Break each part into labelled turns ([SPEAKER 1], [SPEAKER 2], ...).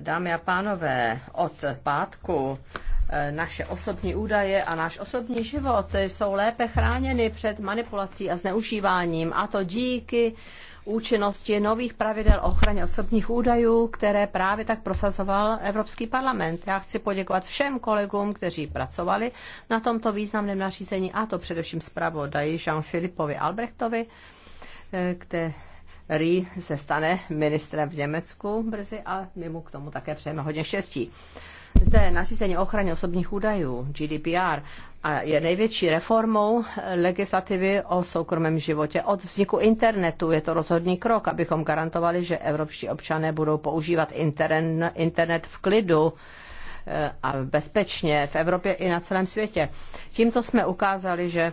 [SPEAKER 1] Dámy a pánové, od pátku eh, naše osobní údaje a náš osobní život jsou lépe chráněny před manipulací a zneužíváním, a to díky účinnosti nových pravidel ochraně osobních údajů, které právě tak prosazoval Evropský parlament. Já chci poděkovat všem kolegům, kteří pracovali na tomto významném nařízení, a to především zpravodaji Jean-Philippovi Albrechtovi, eh, kde, Rý se stane ministrem v Německu brzy a my mu k tomu také přejeme hodně štěstí. Zde nařízení o ochraně osobních údajů, GDPR, a je největší reformou legislativy o soukromém životě. Od vzniku internetu je to rozhodný krok, abychom garantovali, že evropští občané budou používat internet v klidu Eh, a bezpečně v Evropě i na celém světě. Tímto jsme ukázali, že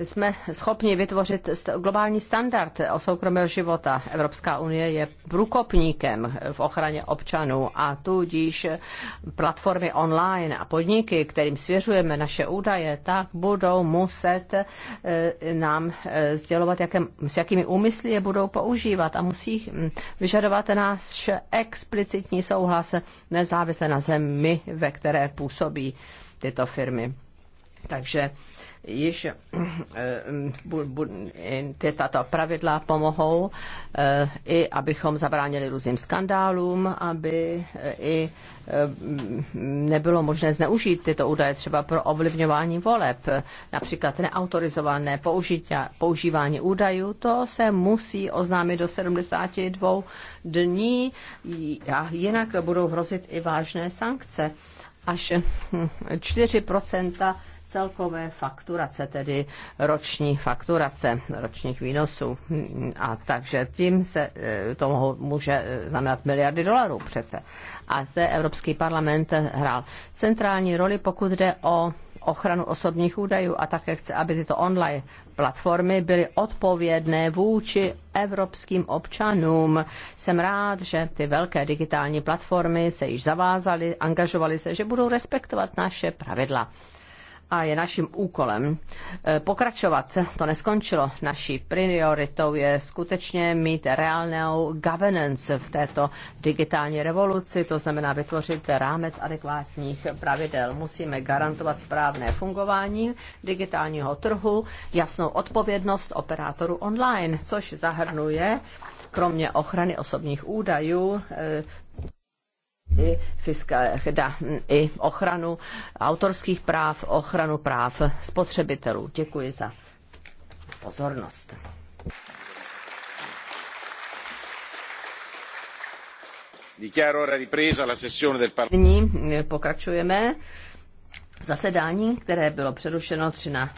[SPEAKER 1] jsme schopni vytvořit globální standard o soukromého života. Evropská unie je průkopníkem v ochraně občanů a tudíž platformy online a podniky, kterým svěřujeme naše údaje, tak budou muset eh, nám eh, sdělovat, jakém, s jakými úmysly je budou používat a musí hm, vyžadovat náš explicitní souhlas nezávisle na zemi, ve které působí tyto firmy. Takže již ty eh, eh, tato pravidla pomohou eh, i abychom zabránili různým skandálům, aby i nebylo možné zneužít tyto údaje třeba pro ovlivňování voleb, například neautorizované použití, používání údajů, to se musí oznámit do 72 dní a jinak budou hrozit i vážné sankce. Až 4 celkové fakturace, tedy roční fakturace ročních výnosů. A takže tím se eh, to může eh, znamenat miliardy dolarů přece. A zde Evropský parlament hrál centrální roli, pokud jde o ochranu osobních údajů a také chce, aby tyto online platformy byly odpovědné vůči evropským občanům. Jsem rád, že ty velké digitální platformy se již zavázaly, angažovaly se, že budou respektovat naše pravidla a je naším úkolem eh, pokračovat. To neskončilo. Naší prioritou je skutečně mít reálnou governance v této digitální revoluci, to znamená vytvořit rámec adekvátních pravidel. Musíme garantovat správné fungování digitálního trhu, jasnou odpovědnost operátoru online, což zahrnuje kromě ochrany osobních údajů eh, i, fiska, da, i ochranu autorských práv, ochranu práv spotřebitelů. Děkuji za pozornost. Nyní eh, pokračujeme v zasedání, které bylo přerušeno 3 na,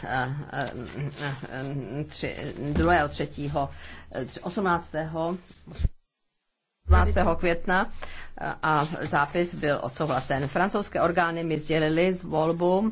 [SPEAKER 1] 3, 2. 3. 18. 12. května a zápis byl odsouhlasen. Francouzské orgány mi sdělily z volbu